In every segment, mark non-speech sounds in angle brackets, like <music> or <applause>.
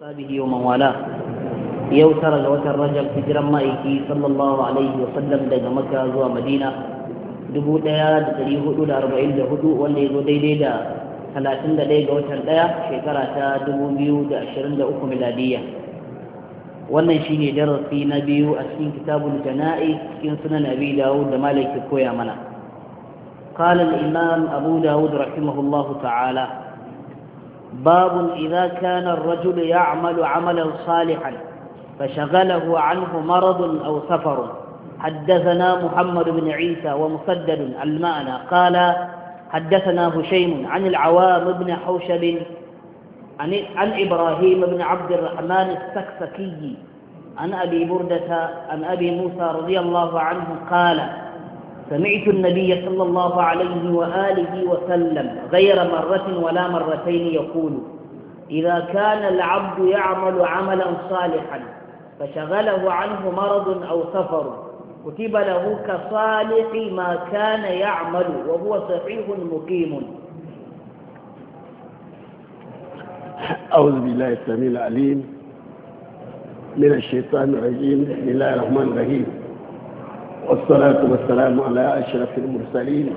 وأصحابه ومن والاه yau tara ga watan rajab hijiran ma'aiki sallallahu alaihi wa sallam daga maka zuwa madina 1444 wanda ya zo daidai da 31 ga watan ɗaya shekara ta 2023 miladiyya wannan shine darasi na biyu a cikin kitabul jana'i cikin sunan abi dawud da malik koya mana قال الإمام أبو داود رحمه الله تعالى باب إذا كان الرجل يعمل عملا صالحا فشغله عنه مرض أو سفر حدثنا محمد بن عيسى ومسدد المعنى قال حدثنا هشيم عن العوام بن حوشب عن, عن إبراهيم بن عبد الرحمن السكسكي عن أبي بردة عن أبي موسى رضي الله عنه قال سمعت النبي صلى الله عليه وآله وسلم غير مرة ولا مرتين يقول إذا كان العبد يعمل عملا صالحا فشغله عنه مرض أو سفر كتب له كصالح ما كان يعمل وهو صحيح مقيم أعوذ بالله السميع العليم من الشيطان الرجيم بسم الله الرحمن الرحيم والصلاة والسلام على أشرف المرسلين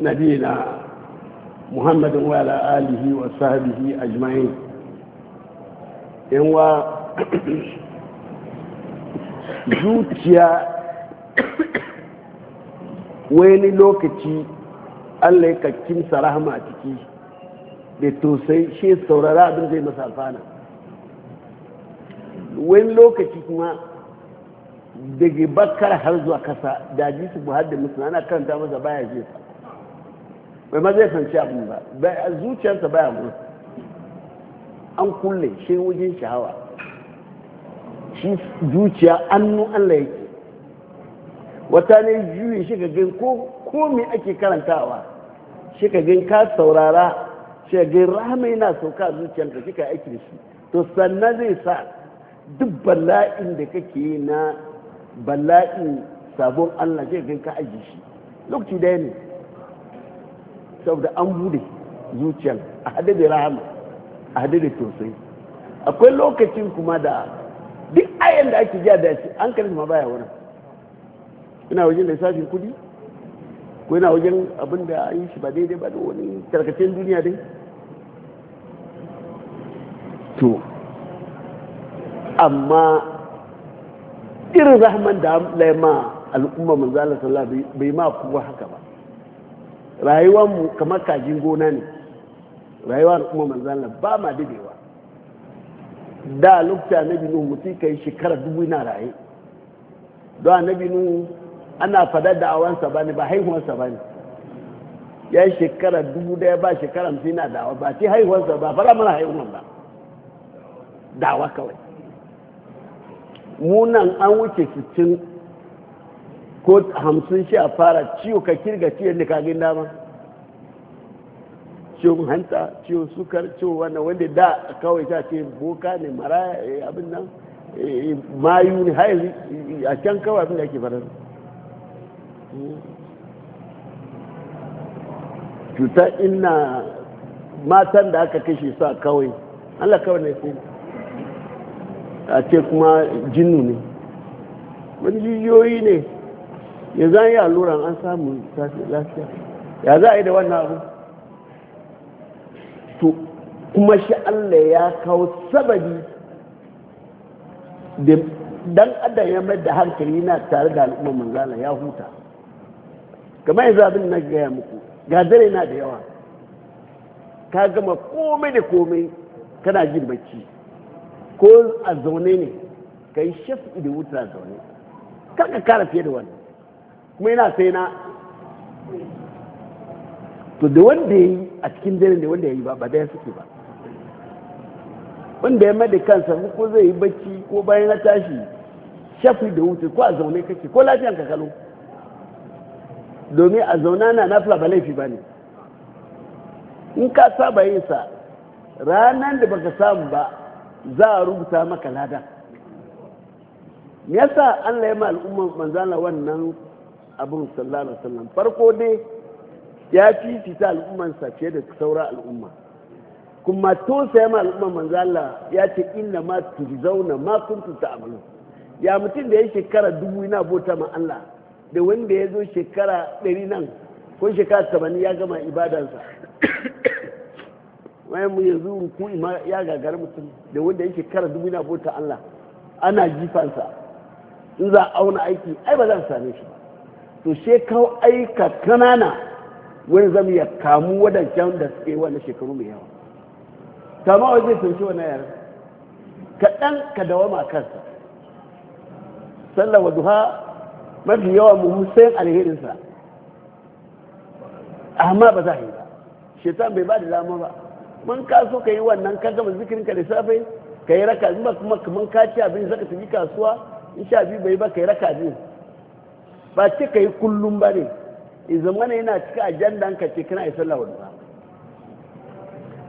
نبينا محمد وعلى آله وصحبه أجمعين yanwa zuciya wani lokaci allah ya kakkin ciki da tosai shi saurara abin zai masa alfana wani lokaci kuma daga bakar har zuwa kasa da ji su buhar da na ana karanta masa baya je sa bai ma zai fanci abin ba zuciyarsa baya gudu an kulle shi wajen shahawa shi zuciya annu allah yake wata ne juyi shi ka gan ko me ake karantawa shi ka gan ka saurara shi ka gan rahama yana sauka zuciyarka shi ka aiki da shi to sannan zai sa duk bala'in da kake na bala'in sabon allah zai kai ka aji shi lokaci daya ne saboda an bude zuciyar a hada da rahama a hada da tosai akwai lokacin kuma da duk ayan da ake jiya da shi an kalli ma baya wurin ina wajen lissafin kudi ko ina wajen abin da an yi shi ba daidai ba da wani tarkacin duniya dai to amma irin rahman da laima al'umma manzo Allah sallallahu bai ma kowa haka ba rayuwar mu kamar kajin gona ne rayuwar al'umma manzo Allah ba ma dadewa da lokacin annabi nuhu mutum kai shekara dubu na raye don na binu ana fadar da awansa ba ne ba haihuwansa ba ne ya shekara dubu daya ba shekara hamsin na dawa ba ce haihuwansa ba fara mana haihuwar ba dawa kawai munan an wuce cikin ko hamsin shi a fara ciwo ka kirga ciwon da kagin dama ciwon hanta ciwon sukar ciwon wannan wanda da kawai ta ce boka ne mara eh, abin nan eh, mayu ne haili eh, a can kawai abin da ake fara. cuta ina matan da aka kashe sa kawai allah kawai ne sai a ce kuma jinnu ne wani jijiyoyi ne ya za yi alluran an samu lafiya ya za a yi da wannan abu to kuma shi allah ya kawo sababi da dan adam ya mai da hankali na tare da al'ummar manzala ya huta kamar yanzu abin na gaya muku gadare na da yawa ka gama komai da komai kana jin bacci ko a zaune ne ka yi shafi da wuta a zaune karka kara fiye da wani. kuma yana sai na to da wanda ya yi a cikin dare da wanda ya yi ba ba daya suke ba wanda ya mada kansa ko zai yi bacci ko bayan na tashi shafi da wuta ko a zaune kake ko lafiyan ka kalo domin a zauna na nafila ba laifi ba ne in ka saba yin sa ranar da baka samu ba za a rubuta maka lada ya sa an ya ma al'umma manzana wannan abin sallallahu sallam? farko dai ya fifita al'ummansa fiye da saura al'umma kuma to sai ma al'umma manzala ya ce inna ma turzauna ma kuntum ta'malu ya mutum da ya shekara dubu yana bota ma Allah da wanda ya zo shekara ɗari nan ko shekara saba'in ya gama ibadansa Wayan mu yanzu ku ma ya gagara mutum da wanda yake kara dubu na bota Allah ana jifansa in za a auna aiki ai ba za a same shi ba to she kawo aika kanana wani zama ya kamu wadancan da suke wani shekaru mai yawa kama wa zai tunshi wani yaran kaɗan ka dawama kansa sallah wa duha mafi yawa mu musayin alherinsa amma ba za a yi ba shetan bai ba da dama ba mun ka so ka yi wannan ka gama zikirin ka da safe ka yi raka ba kuma kaman ka ci abin zaka tafi kasuwa in sha biyu bai ba ka yi raka biyu ba ce ka yi kullum ba ne in ne yana cika ajanda ka ce kana yi sallah wani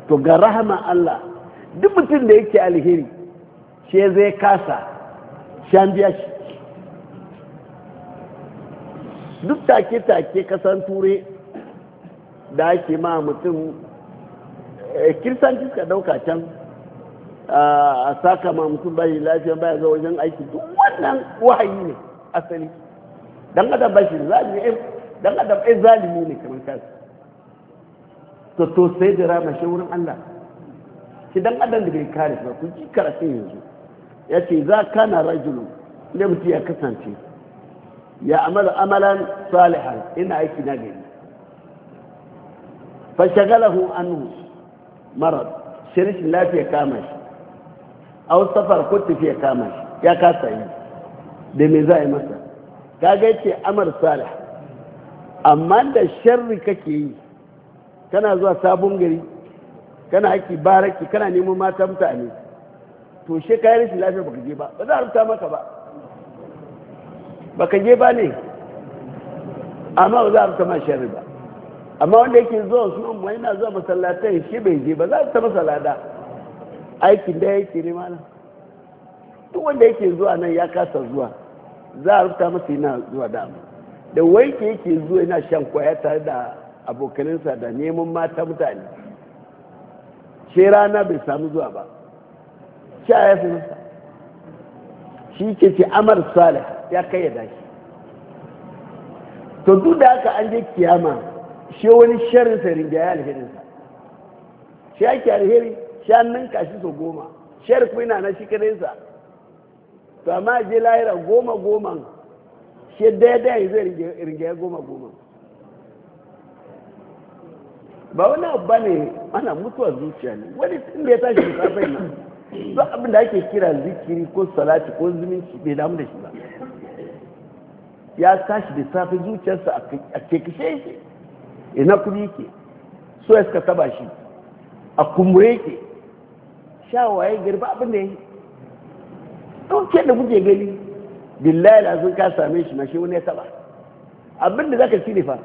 to ga rahama Allah duk mutum da yake alheri shi zai kasa shi an biya shi duk take-take kasan ture da ake ma mutum Eh, kiristanci suka dauka can a saka ma mutum bai lafiya baya ga wajen aiki duk wannan wahayi ne asali dan adam bashi zalimi eh, dan adam ai eh, zalimi ne kamar kansa to to sai da rama shi wurin Allah shi dan adam da bai kare ba ku ji karatun yanzu ya ce za kana rajulu ne mutum ya kasance ya amala amalan salihan ina aiki na gari fashagalahu anhu marar sai lafiya kama shi a wasu safar ko tafiya kama shi ya kasa yi da me za a yi masa ka ga yake amar salih amma da sharri kake yi kana zuwa sabon gari kana aiki baraki kana neman mata mutane to she kayan rashin lafiya baka je ba ba za a rubuta maka ba baka je ba ne amma ba za a rubuta ma sharri ba amma wanda yake zuwa su mu yana zuwa masallatai shi bai je ba za ta masa lada aikin da yake ne mana duk wanda yake zuwa nan ya kasa zuwa za a rubuta masa yana zuwa da mu da ke yake zuwa yana shan kwaya tare da abokaninsa da neman mata mutane shi rana bai samu zuwa ba sha ya fi masa shi ke ce amar salih ya kayyada shi to duk da haka an je kiyama shi wani sharrin sa rinjaya alherin sa shi ake alheri shi an ninka kashi so goma shar kuma yana na shi kadai sa to amma je lahira goma goman shi daidai zai rinjaya goma goma ba wani abu ba ne ana mutuwa zuciya ne wani tun da ya tashi da safai na zuwa abin da ake kira zikiri ko salati ko zumunci bai damu da shi ba ya tashi da safe zuciyarsa a kekishe shi ina kudi ke so ya suka taba shi a kumure ke sha waye girba abin da ya yi ɗauke da kuke gani billahi da sun ka same shi mashi wani ya taba abin da za ka fa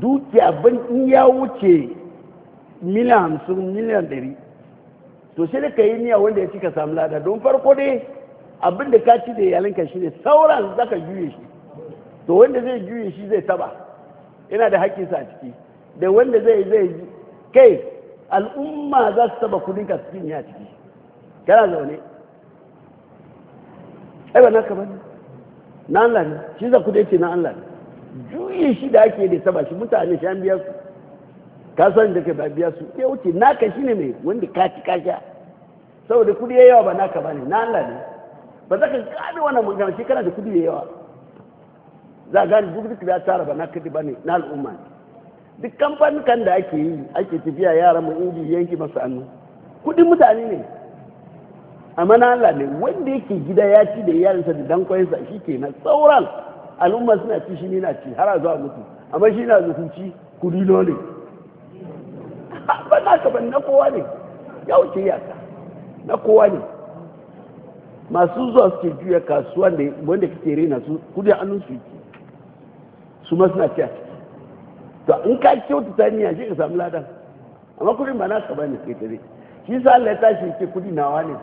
dukiya abin in ya wuce miliyan hamsin miliyan ɗari to sai da ka yi niyya wanda ya ci ka samu lada don farko dai abin da ka ci da yalinka shi ne sauran za ka juye shi to wanda zai juye shi zai taba yana da haƙƙinsa a ciki da wanda zai zai kai al'umma za su taba kudin ka cikin ya ciki kana zaune ai ba naka bane na Allah ne shi za ku dace na Allah ne juye shi da ake da saba shi mutane shi an biya su ka san da kai ba biya su ya wuce naka shi ne mai wanda ka ci kasha saboda kudi ya yawa ba naka bane na Allah ne ba za ka gane wannan magana shi kana da kudi ya yawa za gane duk duk ya tara ba na kadi ba ne na al'umma duk kamfanin da ake yi ake tafiya yara mu inji yanki masu hannu kudin mutane ne amma na Allah ne wanda yake gida ya ci da iyalinsa da dan koyansa shi ke na sauran al'umma suna ci shi ne na ci har zuwa mutu amma shi na ci kudi ne ba na ka ban na kowa ne ya wuce yasa na kowa ne masu zuwa suke juya kasuwa ne wanda kake rena su kudi hannun su su ma suna ci to in ka ta niyya shi ka samu ladan amma kudin ba ka bane kai tare shi sa Allah ya tashi ce kudi nawa ne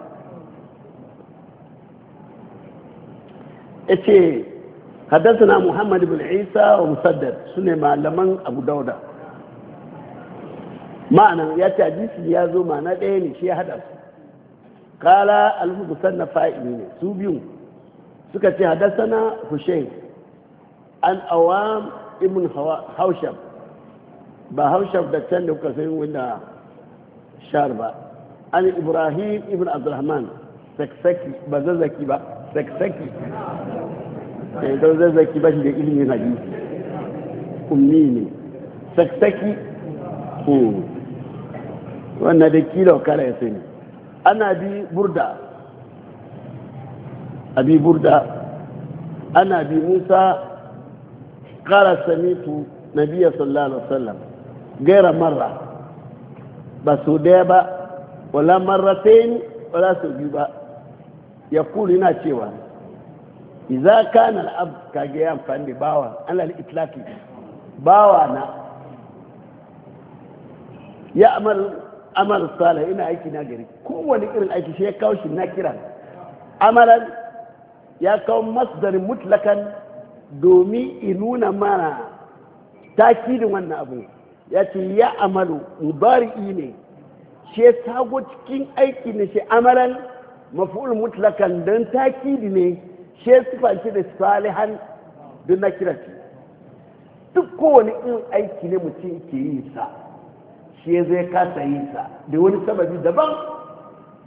yace حدثنا محمد بن عيسى ومسدد سنة معلمان أبو داود معنى ياتي حديث معنى ديني شيء حدث قال المسنة فائمين سوبيون سكتي حدثنا حسين an awam ibn haushab ba haushab da can da kuka sai wanda shar ba an ibrahim ibn abdurrahman saksaki ba zazzaki ba saksaki sai eh, don zazzaki ba shi da ilimin hadisi ummi ne saksaki hmm. wannan da kilo kala ya sani ana bi burda abi burda ana bi musa قال سمعت نبي صلى الله عليه وسلم غير مرة بس ديبا ولا مرتين ولا سجيبا يقول هنا شيئا إذا كان الأب كجيام فاندي باوا على الإطلاق باوا أنا يعمل عمل صالح هنا أيكي ناجري كون إرن أيكي شيء كوش ناكرا عملا يا كون مصدر مطلقا domin in nuna mana takidin wannan abu ya ce ya amalu mubari'i ne ce sago cikin aiki ne ce amalan maful mutlakan don takidi ne ce sifanci da salihan don na kira ce duk kowane in aiki ne mutum ke yi sa ce zai kasa yi sa da wani sababi daban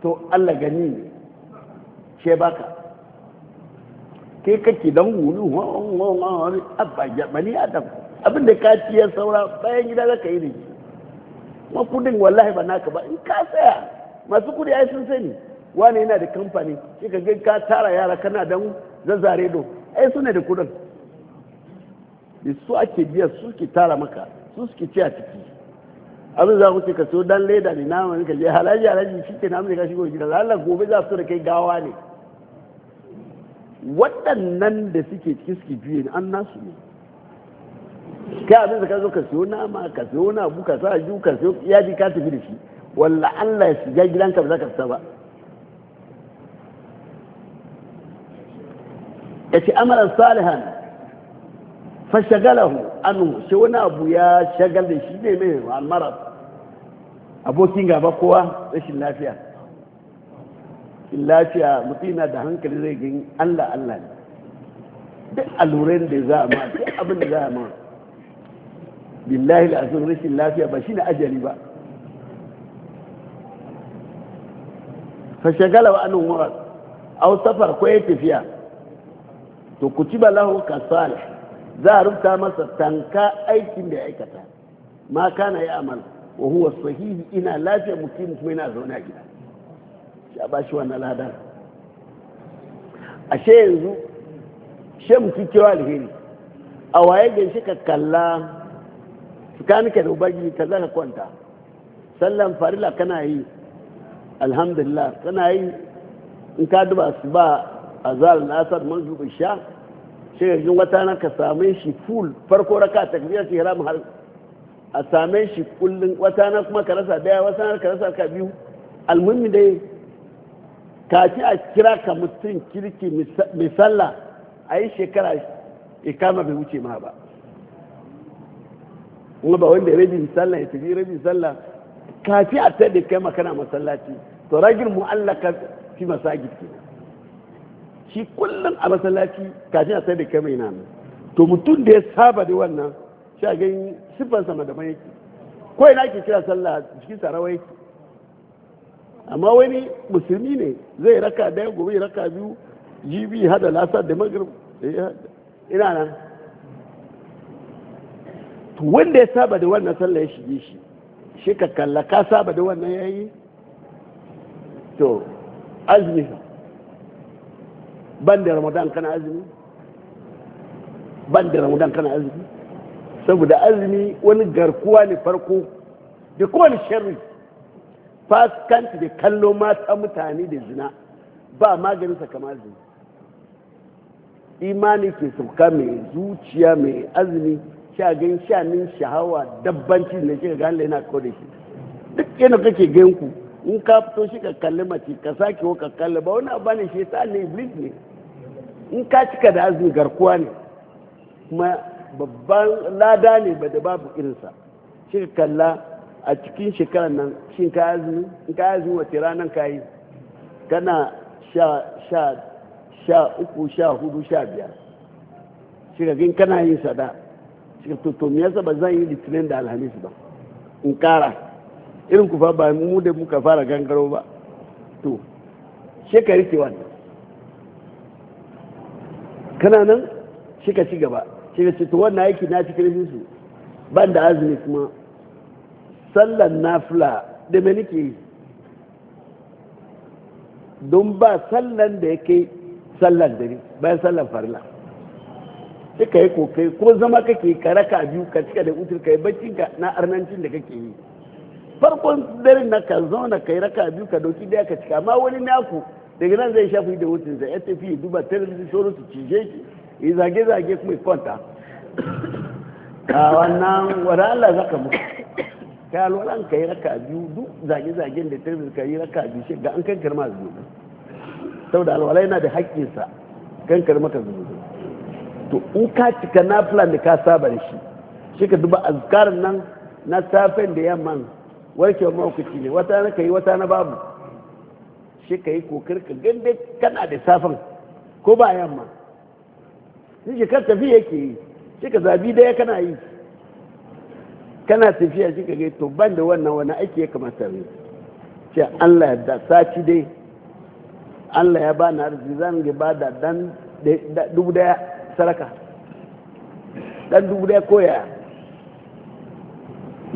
to Allah gani ne ce baka kai kake dan hulu wani abba bani adam abin da ka ci ya saura bayan gida za ka yi ne ma kudin wallahi ba naka ba in ka tsaya masu kudi ai sun sani wani yana da kamfani shi ka ga ka tara yara kana dan zazzare do ai suna da kudin da su ake biya su ke tara maka su suke ci a ciki abin za ku ce ka so dan leda ne na ka je halaji halaji shi ke na ka shigo gida lalata gobe za su da kai gawa ne waɗannan da suke cikin suke biyu ne an nasu ne kai abin da ka zo ka siyo nama ka siyo abu ka sa ju ka siyo ji ka tafi da shi walla Allah ya shiga gidanka ba za ka fita ba ya ce amara salihan fashagalahu anu shi wani abu ya shagal da shi ne mai almarar abokin gaba kowa rashin lafiya lafiya mutum yana da hankali zai gani allah allah ne duk alurai da za a ma duk abin da za a ma billahi la'azun rashin lafiya ba shi ne ajali ba shagala wa annun murar au safar ko ya tafiya to ku ci balahu kasal za a rubuta masa tanka aikin da ya aikata ma kana ya amal wa huwa sahihi ina lafiya mutum kuma yana zaune a gida ya ba shi wannan ladar ashe yanzu she mutu cewa alheri a waye shi ka kalla tsakaninka da ubangiji ka zaka kwanta sallan farila kana yi alhamdulillah kana yi in ka duba su ba a zal nasar manzu sha shigagin wata na ka same shi full farko raka takbiyar ce haramun har a same shi kullum wata na kuma ka rasa daya wata na ka rasa ka biyu almuhimmi dai kafi a kira ka mutum kirki misalla a yi shekara ikama bai wuce ma ba kuma ba wanda rabin sallah ya tafi rabin sallah kafi a ta da kai makana masallaci to ragin mu'allaka fi masajid ke shi kullum a masallaci kafin a ta da kai mai nan to mutum da ya saba da wannan shi a ganin siffansa ma da yake ko ina ke kira sallah cikin sarawa yake amma wani musulmi ne zai raka daya gobe raka biyu jibi hada lasar da magrib eh, ina nan to wanda ya saba da wannan sallah ya shige shi shi ka kalla ka saba da wannan yayi to azumi ban da ramadan kana azumi ban da ramadan kana azumi saboda azumi wani garkuwa ne farko da kowane sharri fasikanci da kallo mata mutane da zina ba sa kamar zina imani ke sauka mai zuciya mai azumi shagin shanin shahawa dabbanci ne shi ga yana da shi duk yana kake gan ku in ka fito shi ka kalli mace ka sake ka kalli ba wani abu ne shi ta ne iblis ne in ka cika da azumi garkuwa ne kuma babban lada ne ba da babu irinsa shi ka kalla a cikin shekarar nan shin ka azumi in ka azumi wace ranar ka yi kana sha sha sha uku sha hudu sha biyar shigagin kana yin sada to to me yasa ba zan yi litinin da alhamis ba in kara irin ku fa ba mu da muka fara gangaro ba to shekari ke wannan kana nan shi ka ci gaba shi ka ce to wannan aiki na cikin su ban da azumi kuma sallan nafila da me nake yi don ba sallan da yake sallan dare bayan sallan farila sai ka yi kokai ko zama kake ka biyu ka cika da utur ka yi bacci ka na arnancin da kake yi farkon dare na ka zauna ka yi raka biyu ka doki daya ka cika ma wani naku daga nan zai shafi da wutin zai ya tafi duba talabijin sauran su cije shi yi zage-zage kuma ya kwanta <coughs> a wannan wadanda za ka mutu ka alwalan ka yi raka biyu duk zage-zagen da ta ka yi raka biyu shi ga an kankar ma zunubi saboda alwala yana da haƙƙinsa kankar maka zunubi to in ka cika na plan da ka saba da shi shi ka duba azkarin nan na safen da yamman wa mawukaci ne wata na ka yi wata na babu shi ka yi kokar ka gande kana da safen ko ba yamma shi ka tafi yake yi shi ka zabi daya kana yi kana tafiya shi kage to ban da wannan wani ake kamata yi ce Allah da saci dai Allah ya bani arziki zan ga ba da dan dubu daya saraka dan dubu daya koya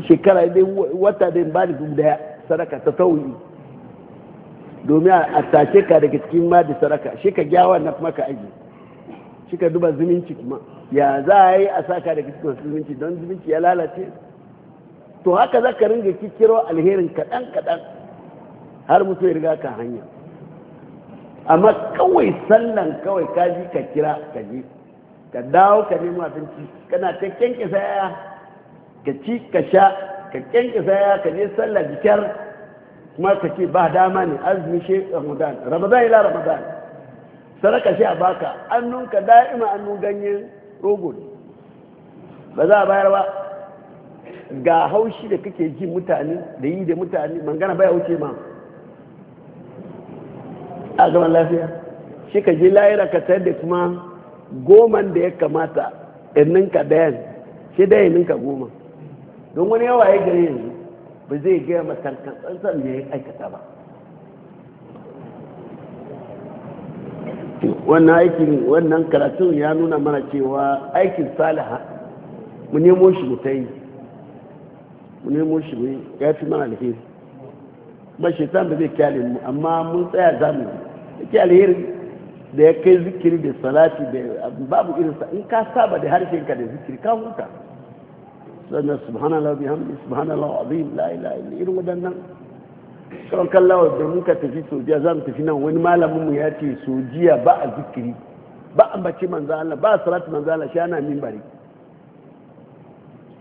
shekara dai wata dai ba da dubu daya saraka ta tauyi domin a tace ka daga cikin ma da saraka shi ka gyawa na kuma ka aji shi ka duba zumunci kuma ya za a yi a sa ka daga cikin zumunci don zumunci ya lalace to haka za ka ringa kikiro alherin kaɗan kaɗan har mutu ya riga ka hanya amma kawai sallan kawai ka ji ka kira ka ji ka dawo ka nemo abinci kana ta kyanke saya ka ci ka sha ka kyanke saya ka je sallah jikar kuma ka ce ba dama ne azumi shi ramadan ramadan ila ramadan saraka shi a baka annunka da'ima annun ganyen rogo ba za a bayar ba ga haushi da kake ji mutane da yi da mutane mangana baya wuce ma a zaman lafiya shi ka je layira ka sayar da kuma goman da ya kamata ka dayan shi da ninka goma don wani yawa ya gare yanzu ba zai gaya matankan tsantsan da ya aikata ba wannan aikin wannan karatun ya nuna mana cewa aikin salaha mu nemo shi mu ta yi mu nemo shi mu ya fi mana alheri kuma shaitan ba zai kyale mu amma mun tsaya za mu yake alheri da ya kai zikiri da salati da babu irin sa in ka saba da harshen ka da zikiri ka huta sannan subhanallah bihamdi subhanallah azim la ilaha illa irin wadannan kawai kallawa da muka tafi sojiya za mu tafi nan wani malamin mu ya ce sojiya ba a zikiri ba ambaci manzo Allah ba salati manzo Allah shi ana minbari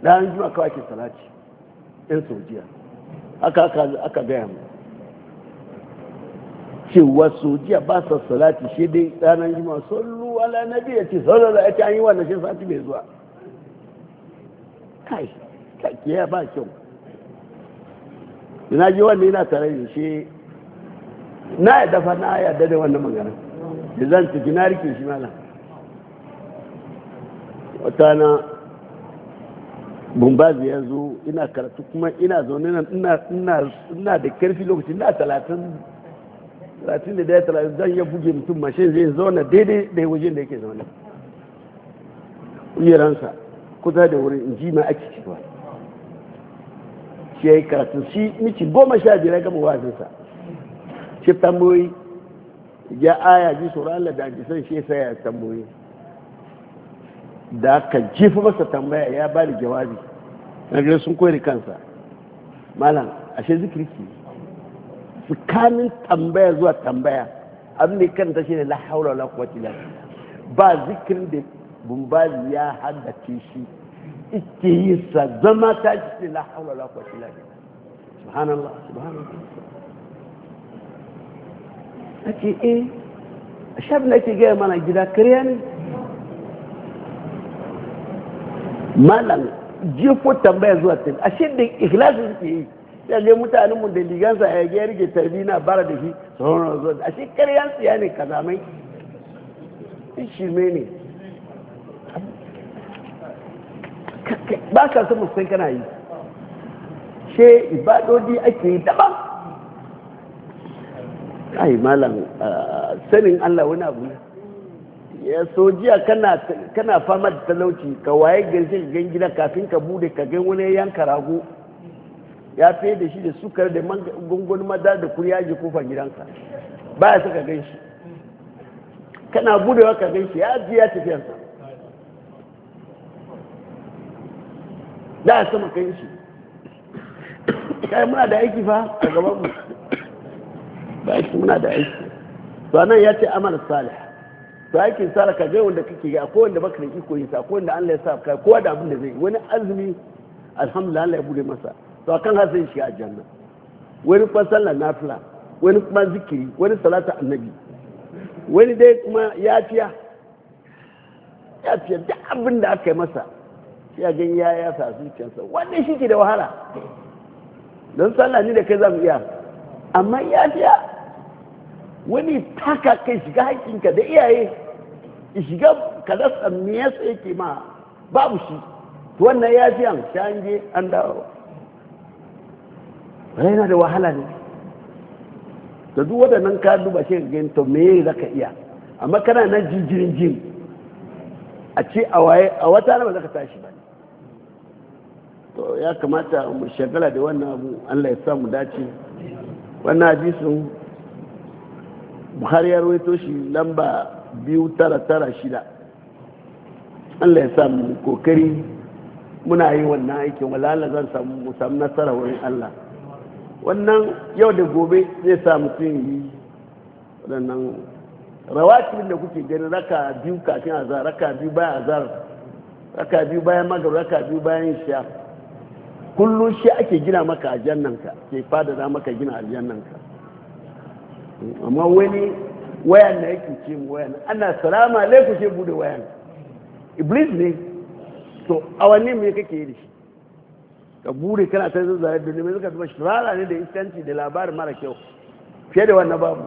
dan juma kawai ke salati 'yan sojiya aka aka gaya mu cewa sojiya ba sa salati shi dai ranar jima sallu ala nabi ya ce sallu ala ce an yi wannan shi sati mai zuwa kai kai ya ba kyau ina ji wannan yana tare da shi na ya dafa na ya dade wannan magana da zan tafi na rike shi mala wata na bumbazi ya zo ina karatu kuma ina zaune nan ina da karfi lokacin na talatin talatin da daya talatin zan ya buge mutum mashin zai zauna daidai da waje da yake zaune kujeransa kusa da wurin in ji ma ake cewa shi ya yi karatu shi miki goma sha biyar gama wazinsa shi tamboyi ya aya ji sauran Allah da shi ya saya tamboyi da aka jefa masa tambaya ya ba da jawabi na gari sun koyar kansa malam ashe zikiri ke tsakanin tambaya zuwa tambaya abin da kanta shi ne la haula la quwwata illa ba zikirin da bumbazi ya haddace shi ike yi sa zama ta shi ne la haula la quwwata illa subhanallah subhanallah ake eh ashabin ake gaya mana gida kariya ne malam jefo tambaya zuwa tun ashe da ikhlasin suke yi sai ga mutanen mu da ligansa ya ga rike tarbi na bara da shi sauran zuwa shi karyan tsiya ne kazamai shi me ne ba ka san musulun kana yi she ibadodi ake yi daban ai malam ah, sanin Allah wani abu ne ya so jiya kana fama da talauci ka waye garshe gan gida kafin ka bude ka gan wani yanka rago ya fiye da shi da sukar da gungun madar da kuri yaji kofar gidanka ba ya saka gan shi kana bude ka gan shi ya ji ya tafiyarsa da ya sama gan shi kai muna da aiki fa a gaban mu ba shi muna da aiki to nan ya ce amal salih to aikin sala ka gai wanda kake gai akwai wanda baka da iko yin sa akwai wanda Allah ya sa ka kowa da abin da zai wani azumi alhamdulillah Allah ya bude masa to akan har zai shiga aljanna wani kuma sallar nafila wani kuma zikiri wani salata annabi wani dai kuma yafiya yafiya da abin da aka yi masa ya gan ya ya sa zuciyarsa wanda shi ke da wahala don sallah ni da kai za mu iya amma yafiya wani taka kai shiga ka da iyaye shiga ka rasa me yasa yake ma babu shi to wannan ya fi an an je an dawo yana da wahala ne da duk waɗannan ka duba shi ga to me za ka iya amma kana nan jinjirin jin a ce a waye a wata ba za tashi ba to ya kamata mu shagala da wannan abu an ya samu mu dace wannan hadisin har ya rawaito shi lamba biyu tara tara shida allah ya samu kokari muna yi wannan aikin walala zan samu musamman nasara wurin allah wannan yau da gobe zai samu mutum yi waɗannan rawatibin da kuke gani raka biyu kafin zara raka biyu bayan azar raka biyu bayan magar raka biyu bayan sha kullum shi ake gina maka aljannanka ke fadada maka gina aljannanka amma wani wayan na yake ce wayan ana salama laifin ce bude wayan iblis ne to awanni me kake yi da shi ka bude kana ta zazzare da ne suka zuba shirara ne da iskanci da labarin mara kyau fiye da wannan babu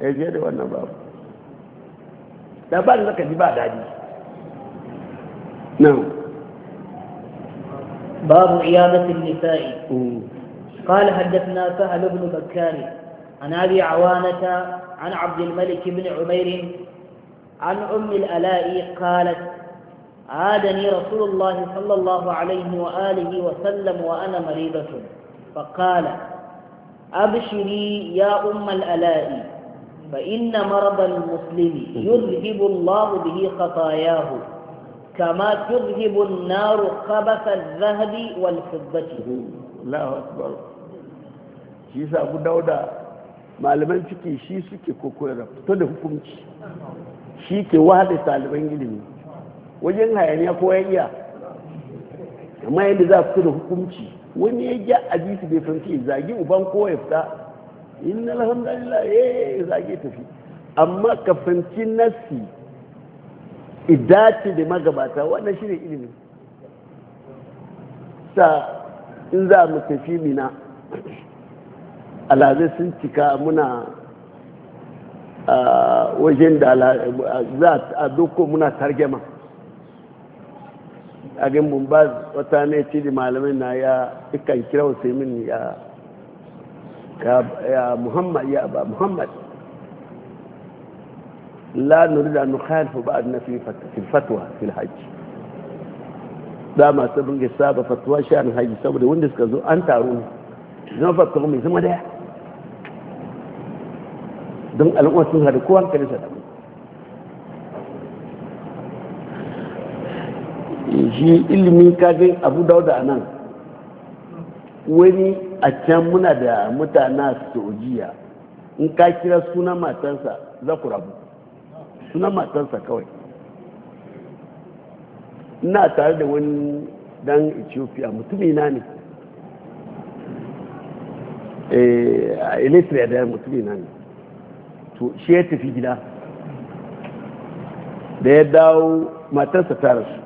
ya eh, fiye da wannan babu labarin zaka ji ba daɗi na babu iyadatin nisa'i mm. قال حدثنا سهل بن بكار عن أبي عوانة عن عبد الملك بن عمير عن أم الألاء قالت عادني رسول الله صلى الله عليه وآله وسلم وأنا مريضة فقال أبشري يا أم الألاء فإن مرض المسلم يذهب الله به خطاياه كما تذهب النار خبث الذهب والفضة الله shi شيسا أبو Dauda malaman ciki shi suke kokoyar da fito da hukunci shi ke wahala taliban ilimi wajen hayaniya ko iya amma yadda za su fito da hukunci wani ya ja a jisi bai fanti zagi uban ko ya fita inna alhamdulillah eh zage tafi amma ka fanci nasi idace da magabata wannan shi ne ilimi sa in za mu tafi mina alhazai sun cika muna wajen da za a doko muna targema a gan mumbaz wata ne ce da malamai na ya ikan kira wasu ya muhammad ya ba muhammad la nuri da nukhalifu ba'dna fi fatwa fil hajj da masu bunge saba fatwa sha'an haji saboda wanda suka zo an taru ne zama fatwa mai zama daya don al'umma sun hada kowa hankali sa shi ilimin kajin abu dauda a nan wani a can muna da mutana sojiya in ka kira suna matansa za ku rabu sunan matarsa kawai ina tare da wani dan ethiopia mutumina ne a eritrea da mutumina ne to shi ya tafi gida da ya dawo matarsa ta rasu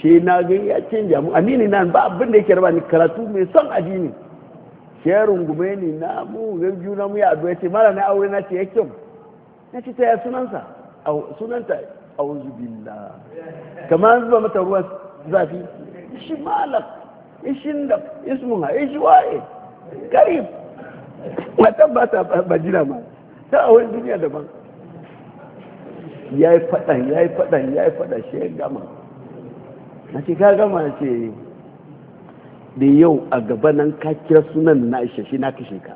shi na gani ya canja mu amini nan ba abin da yake raba ni karatu mai son adini shi ya rungume ni na mu gan juna mu ya addu'a ce mara na aure na ce ya kyau na ce ta ya sunansa sunanta auzu billah kamar an zuba mata ruwan zafi ishi malak ishin da ha ishi waye karib wata ba ta bajina ma ta a wani duniya daban ya yi faɗan ya yi faɗan ya yi faɗan shi ya gama na ce ka gama na ce da yau a gaba nan ka kira sunan na aisha shi na kashe ka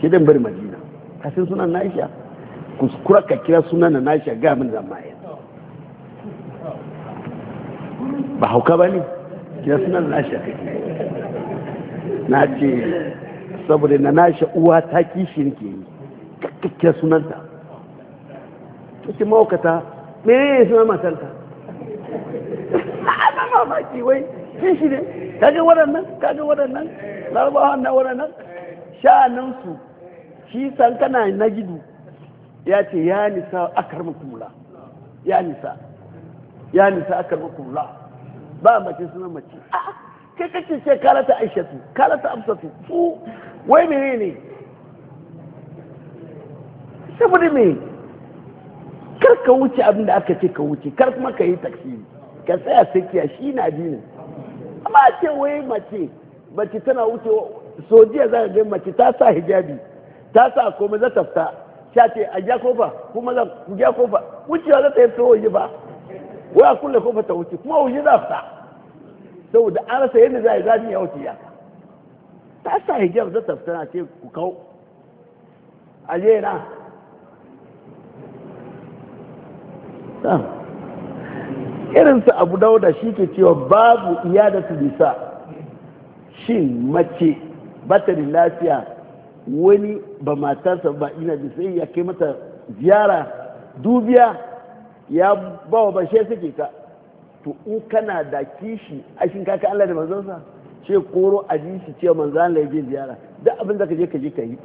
shi dan bari madina kasin sunan naisha kuskura ka kira sunan na naisha ga min zama maye ba hauka ba ne kira sunan naisha na ce saboda na naisha uwa ta kishin ke yi kakkakkiyar sunanta ta ce mawakata mene ne suna matanta ana mamaki wai kishi ne kaga waɗannan kaga waɗannan larabawa na waɗannan sha'aninsu shi san kana na gidu ya ce ya nisa akar makumula ya nisa ya nisa akar makumula ba mace suna mace kai kake ce kalata aishatu kalata amsatu su wai mene ne saboda me kar ka wuce abin da aka ce ka wuce kar kuma ka yi taksi ka tsaya tsakiya shi na dinin amma a ce wai mace mace tana wuce sojiya za ka ga mace ta sa hijabi ta sa komai za ta fita ta ce a ja kofa kuma za ku ja kofa wucewa za ta yi tsohon yi ba wai a kulle kofa ta wuce kuma wuce za fita saboda an rasa yadda za a yi zafi ya wuce ya ta sa hijab za ta fita na ce ku kawo a je na irinsa abu dauda shi ke cewa babu iyadatu bisa shin mace ba ta da lafiya wani ba matarsa ba ina da sai ya kai mata ziyara dubiya ya ba wa bashe suke ka to in kana da kishi a shi kaka Allah da manzansa ce koro a ji shi cewa manzan Allah ya je ziyara duk abin da ka je ka je ka yi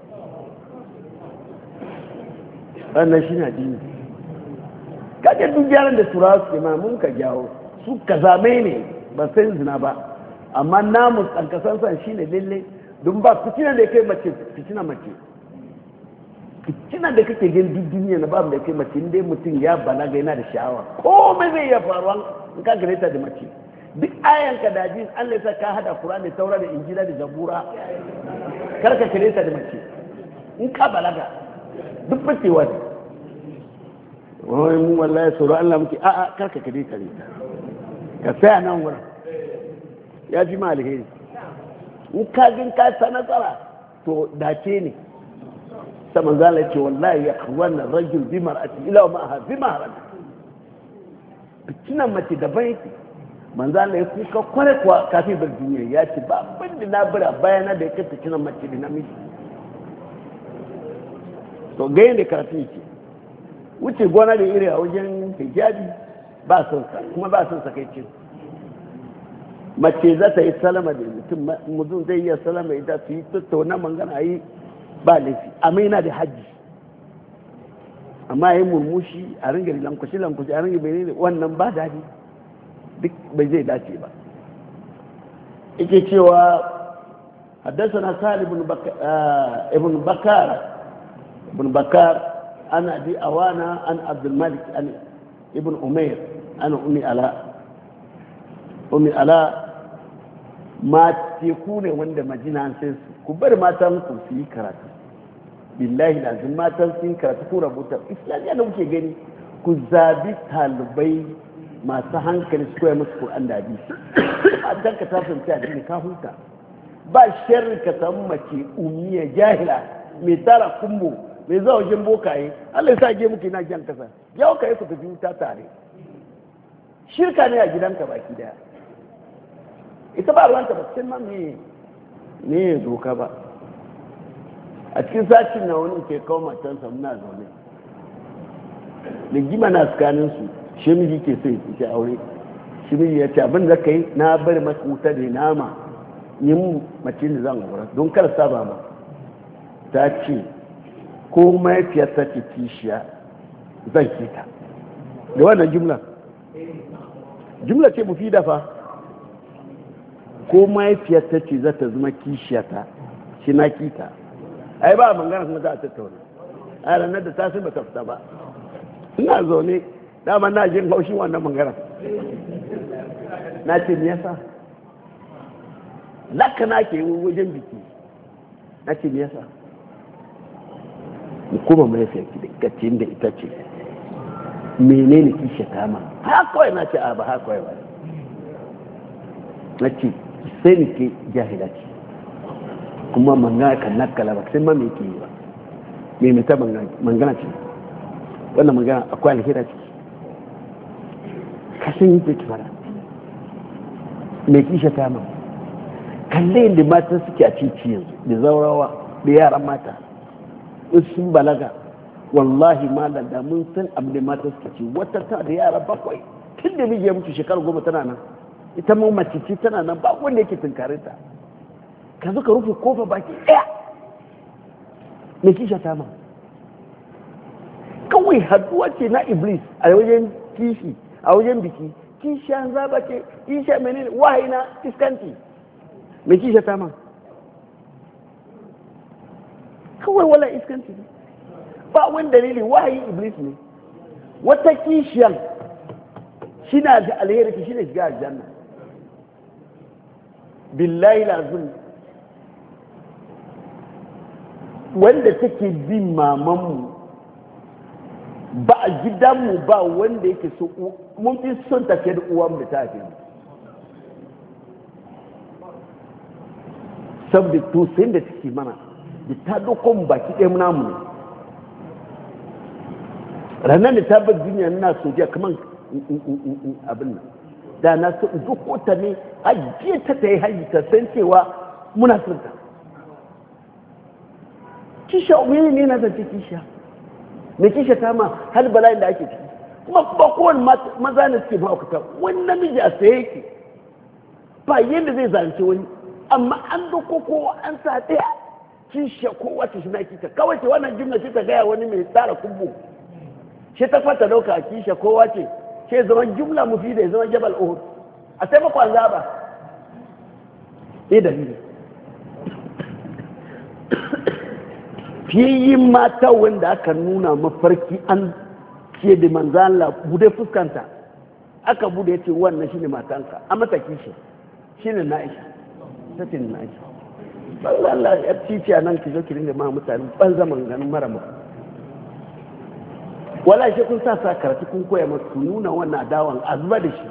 wannan shi na dini kaga duk gyaran da turawa suke ma mun ka jawo su zame ne ba san zina ba amma namu tsankasansan shi ne lallai don ba fitina da ya kai mace fitina mace fitina da kake gani duk duniya na babu da kai mace inda mutum ya balaga yana da sha'awa komai zai iya faruwa in ka gane ta da mace duk ayan ka daji an laisa ka hada kura da Taura da Injila da Zabura karka kare ta da mace in ka balaga duk fitewa ne wai mu wallahi tsoro Allah muke a'a karka ka kare ta ka saya nan wurin ya ji ma alheri in kagin ka sa nasara to dace ne sama zala ce wallahi ya na rajul a mar'ati ila ma ha bi A fitinan mace daban yake manzala ya kuka kware kuwa kafin bar duniya ya ce ba abin da na bira bayana da ya kai fitinan mace da namiji to gaya ne karatun yake wuce gona da iri a wajen hijabi ba son sa kuma ba son sa kai cin mace za ta yi salama da mutum mutum zai iya salama ita su yi tattauna mangana yi ba laifi amma yana da hajji amma ya yi murmushi a ringa lankwashi lankwashi a ringa bai wannan ba daɗi duk bai zai dace ba ike cewa haddasa سالم بن بك... آه... ابن بكار ابن بكار an abdulmalik اوانا عن عبد الملك عن ابن امير ala. mate ku ne wanda majina an sai su ku bar matan ku su yi karatu billahi zin matan sun karatu ku rabuta islamiya da kuke gani ku zabi talibai masu hankali su koya musu Qur'an da hadisi a dan ka tafin ta addini ka huta ba sharri ka samu mace umiya jahila mai tara kumbo mai zuwa wajen bokaye Allah ya sa ge muke na jan kasa yau ka yi ku tafi wuta tare shirka ne a gidanka baki daya ita ba ruwanta ba cikin ma me ne doka ba a cikin sashen na wani ke kawo matansa muna zaune rigima na tsakanin su shemiji ke sai su ce aure shemiji ya ce abin da ka yi na bari masu wuta da nama mu mace da zan aure don kar saba ma ta ce ko mahaifiyar ta ce kishiya zan ke ta da wannan jumla jumla ce fi fa ko ta ce za ta zama kishiyata shi na kita ai ba bangana kuma za a tattauna a ranar da ta sai ba ta fita ba ina zaune dama na jin haushi wannan magana na ce me yasa laka na ke wajen biki na ce me yasa kuma ki da da ita ce menene kishiyata ma ha kawai na ce a ba ha kawai ba na ce sai ni ke jahila ce kuma mangana kan nakala ba sai ma me ke yi ba me mai ta mangana ce wannan mangana akwai alhira ce kasan yi ta fara me kisha ta ma kalle yadda mata suke a cici yanzu da zaurawa da yaran mata sun balaga wallahi malam da mun san abin da mata suke ci wata ta da yara bakwai tun da mijiyar mutu shekaru goma tana nan ita mu macici tana nan ba wanda yake tunkarin ta ka zo ka rufe kofa baki ɗaya me kisha ta ma kawai haduwa ce na iblis a wajen kishi a wajen biki kisha zaba ce kisha menene wahayi na iskanti me kisha ta ma kawai wala iskanti ne ba wani dalili wahayi iblis ne wata kishiyan shi na da alheri shi ne shiga aljanna billahi lazim wanda take bin mamanmu ba a gidanmu ba wanda yake so mun fi son tafiye da uwan da ta haife saboda to sai da take mana da ta dokon baki ɗaya muna mu ranar da ta bar duniya na sojiya kamar mm, mm, mm, abin nan da na so duk wata ne hajji ta ta yi hajji ta san cewa muna son ta kisha umini ne na zance kisha mai kisha ta ma har bala'in da ake ciki kuma ba kowane maza ne suke wakata wani namiji a saye yake ba yadda zai zance wani amma an doko ko an sa ɗaya kisha ko wata shi na kisha kawai ce wannan jimla ce ta gaya wani mai tsara kumbu shi ta kwata dauka kisha ko ce ce zama jumla mufi da ya zama jabal uhud a sai muku azaba eh dalili fiyin mata wanda aka nuna mafarki an ce da manzala bude fuskanta aka bude ya ce wannan shine matanka a mataki shi na na'isha ta ce na banza Allah ya cici a nan ki zo da ringa ma mutane zaman ganin mara mu wala shi kun sa sa karatu kun koya masu nuna wannan adawan azuba da shi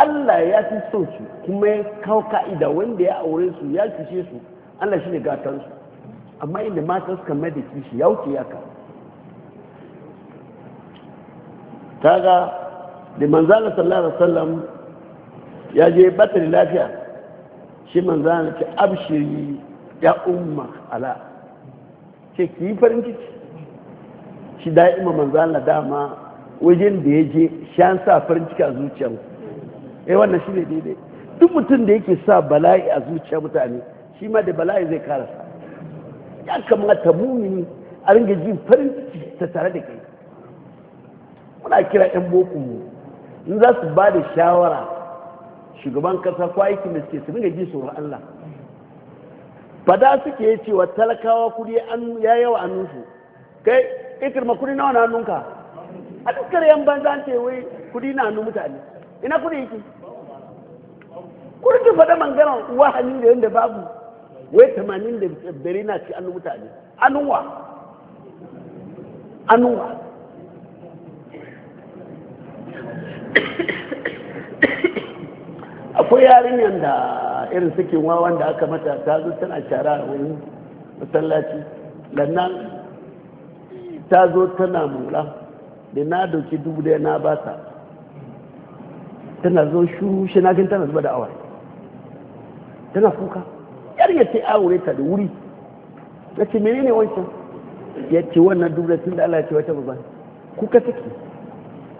Allah ya fi so su kuma ya kawo ka'ida wanda ya aure su ya kishe su Allah shi ne gatan su amma inda mata suka mada kishi ya wuce ya Ta ga da Manzana sallallahu alaihi wasallam ya je batar lafiya shi Manzana ce abshiri ya umma ala ce ki yi farin ciki shi da'ima Manzana dama wajen da ya je shan sa farin ciki a zuciyarku eh wannan shine daidai duk mutum da yake sa bala'i a zuciya mutane shi ma da bala'i zai karasa ya kamata mumini a ringa jin farin ciki ta tare da kai muna kira yan boko mu in za su ba da shawara shugaban kasa ko aikin da suke su ringa ji tsoron Allah fada suke cewa talakawa kudi ya yawa annunsu kai ikirma kudi nawa na nunka a dukkan yan banza ce wai kudi na hannun mutane ina kudi yake kurki faɗa mangaran wahani da yadda babu wai tamanin da dare na ci annu mutane annuwa annuwa akwai yarin da irin suke wawan da aka mata ta zo tana shara a wani masallaci lannan ta zo tana mula da na doki dubu daya na ba ta tana zo shushe na tana zuba da awa tana kuka yar ya ce aure ta da wuri na ce mene ne wancan ya ce wannan dubu tun da Allah ya ce wata ba kuka take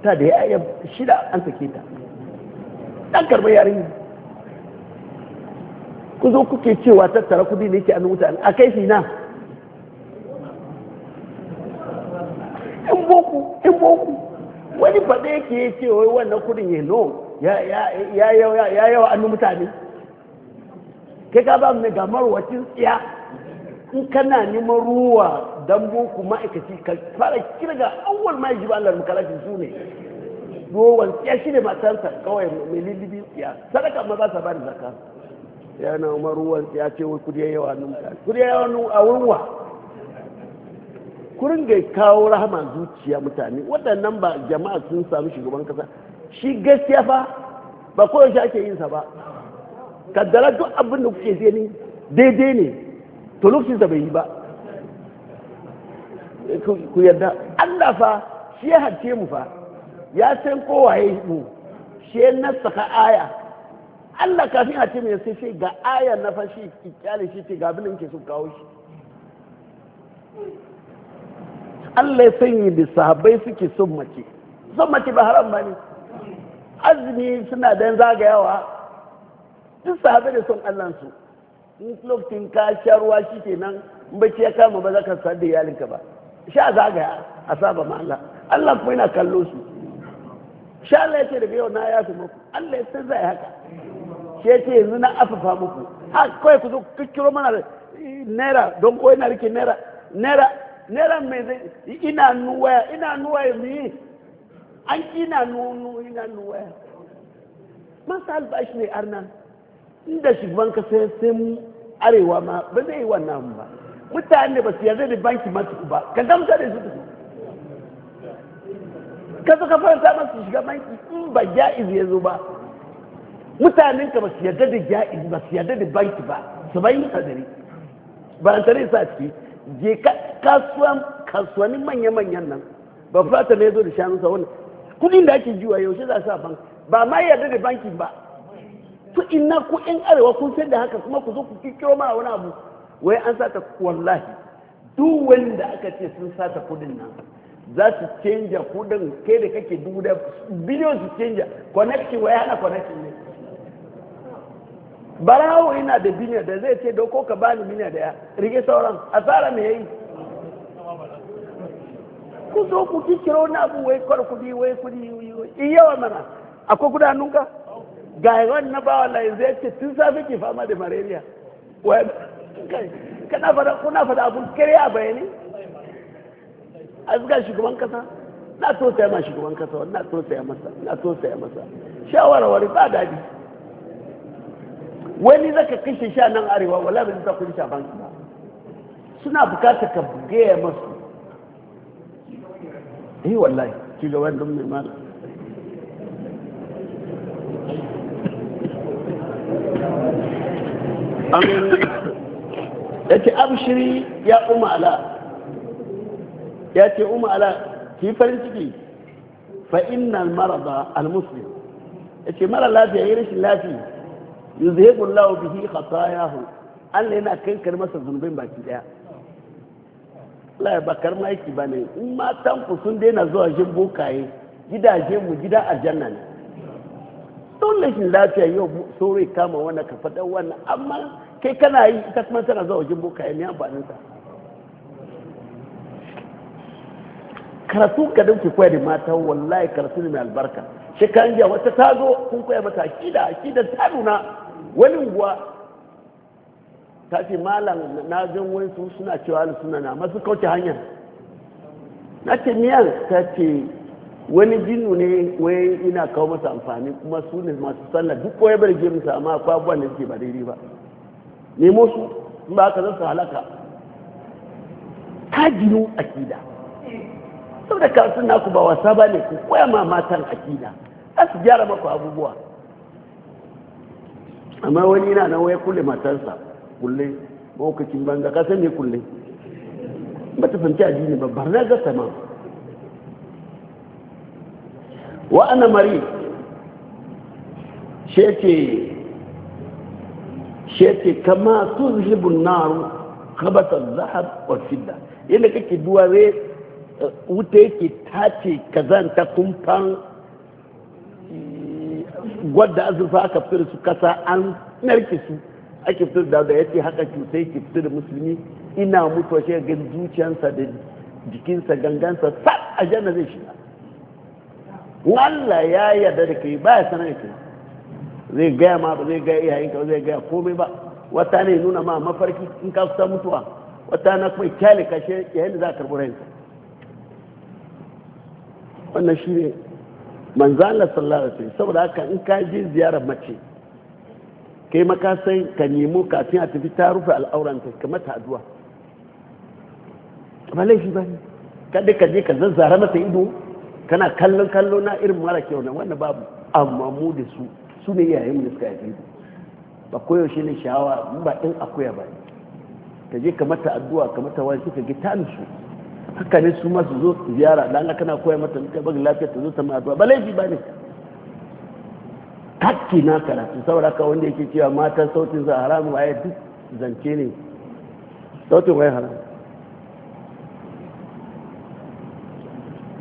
ta da ya shida an sake ta dan karɓar yarinya ku zo kuke cewa tattara kudi ne yake annuta a kai shi na in boku in boku wani faɗa yake ya ce wai wannan kudin ya no ya yawa annu mutane ke ka ba mu ga marwacin tsiya in kana neman ruwa don boko ma'aikaci ka fara kirga awwal ma yajibu Allah mukalafin su ne ruwan tsiya shi ne matansa kawai mai lilibi tsiya sadaka ma za sa ba da zaka ya na umar ruwan tsiya ce wai kudi yawa nun mutane kudi yawa nun a wurwa kurin ga kawo rahama zuciya mutane waɗannan ba jama'a sun samu shugaban kasa shi gaskiya fa ba shi ake yinsa ba kaddara duk abin da kuke gani daidai ne to lokacin sa bai yi ba ku yarda Allah fa shi ya hace mu fa ya san kowaye mu shi ya nasaka aya Allah kafin a mu ya sai shi ga aya na fa shi kyale shi ce ga abin da yake so kawo shi Allah ya sanyi da sahabbai suke son mace son mace ba haram ba ne azumi suna dan zagayawa duk sahabi da son allansu in lokacin ka sha ruwa shi ke nan bacci ya kama ba za ka sa da iyalinka ba sha zagaya a saba ma Allah Allah kuma yana kallo su sha Allah ya ce da biyo na ya fi muku Allah ya san zai haka shi ya ce yanzu na afafa muku ha kawai ku zo kikkiro mana naira don kawai na rike naira naira naira mai zai ina nuwaya ina nuwaya mu yi an ina nunu ina nuwaya masu albashi ne arna inda shugaban kasa sai mu arewa ma ba zai yi wannan ba mutane da ba su yanzu da banki masu ba ka gamsa da su ka zo ka faranta masu shiga banki in ba ja'iz ya zo ba mutanen ka ba su yarda da ja'iz ba su yarda da banki ba su bayin kadari ba an tare sa ciki je kasuwan kasuwannin manya-manyan nan ba fata ne zo da shanunsa wani kudin da ake jiwa yaushe za su a banki ba ma yarda da bankin ba to ina ku in arewa kun san da haka kuma ku zo ku kikiro ma wani abu wai an sata wallahi duk wanda aka ce sun sata kudin nan za su canja kudin kai da kake dubu da biliyon su canja connection wai hana connection ne barawo yana da biliyon da zai ce doko ka bani miliyan daya rike sauran asara me yayi ku zo ku kikiro na abu wai kwar kudi wai kudi yi yawa mana akwai kudanunka ga yawan na bawa la yanzu ya ce tun safe ke fama da malaria wai kana fada kuna fada abun kare a bayani a zuga shugaban kasa na to saya ma shugaban kasa na to saya masa na to saya masa wari ba dadi wani zaka kashe sha nan arewa wala ba zai ta kudi ba suna bukatar ka buge masu هي إيه والله هي تيجي وين امي مال امين ياتي ابشري يا ام علاء ياتي ام علاء في فرنسي فان المرض المسلم ياتي مرض لا في غير لا في يذهب الله به خطاياه قال لنا كن كلمه الذنوبين بعد Allah ya bakar maiki ba ne in matan ku sun daina zuwa jin bokaye gidaje mu gida aljanna ne don lashin lafiya yau sore kama wannan ka faɗa wannan amma kai kana yi ita kuma tana zuwa jin bokaye ne amfanin sa karatu ka dauke koya da mata wallahi karatu ne mai albarka shekaran jiya wata ta zo kun koya mata akida akida ta nuna wani unguwa ta ce malam na gan wani suna cewa da suna na masu kauce hanyar na ce miyan ta ce wani jinu ne wai ina kawo masa amfani kuma su ne masu sallar duk kawai bar je musu amma akwai abubuwan da suke ba daidai ba nemo su in ba haka za su halaka ta jinu akida saboda kasu ku ba wasa ba ne ku koya ma matan akida za su gyara maku abubuwa amma wani yana nan waya kulle matarsa kulle lokacin banga ka sani kulle ba ta fahimci a ba ba na ga sama wa ana mari sheke sheke kama tuzhibun naru khabata zahab wa fidda yadda kake duware uh, wuta yake tace kazanta kumfan eh, gwadda azurfa aka fira su kasa an narke su ake fito da da ya ce haka cutai ke fito da musulmi ina mutuwa shi ga zuciyarsa da jikinsa gangansa sat a janna zai shiga wallah ya yarda da kai ba ya sanar da kai zai gaya ma ba zai gaya iyayenka ba zai gaya komai ba wata ne nuna ma mafarki in ka fita mutuwa wata na kuma kyale kashe yayin da za a karɓi ranka wannan shi ne manzo Allah sallallahu alaihi wasallam saboda haka in ka je ziyarar mace kai makasan ka nemo kafin a tafi ta rufe al'auranta ka mata addu'a ba laifi ba ne kada ka je ka zazzara mata ido kana kallon kallo na irin mara kyau na wannan babu amma mu da su su ne yayin da suka haife ku ba koyaushe ne sha'awa ba ɗin akuya ba ne ka je ka mata addu'a ka mata wani suka gi ta su haka ne su ma su zo ziyara dan kana koya mata ta bari lafiya ta zo ta ma addu'a ba laifi ba ne kakki na karatu saboda ka wanda yake cewa matan sautin za haramu a duk zance ne sautin wai haramu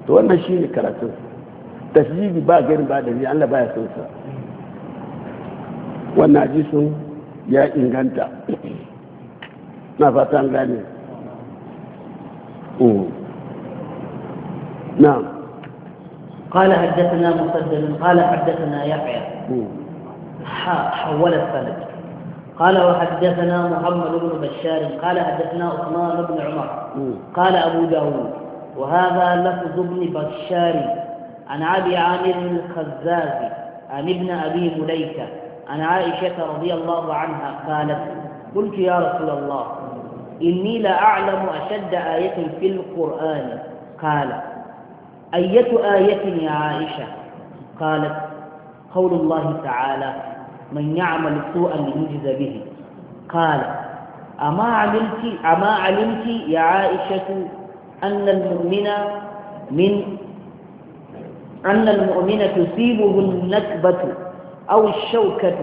to wannan shi ne karatun tasiri ba gani ba da Allah baya son sa ji sun ya inganta na fatan gane mm. na قال حدثنا مسدد قال حدثنا يحيى حول السند قال وحدثنا محمد بن بشار قال حدثنا عثمان بن عمر قال أبو داود وهذا لفظ ابن بشار عن أبي عامر الخزاز عن ابن أبي مليكة عن عائشة رضي الله عنها قالت قلت يا رسول الله إني لأعلم أشد آية في القرآن قال أية آية يا عائشة قالت قول الله تعالى من يعمل سوءا يجز به قال أما علمت, أما علمت يا عائشة أن المؤمن من أن المؤمن تصيبه النكبة أو الشوكة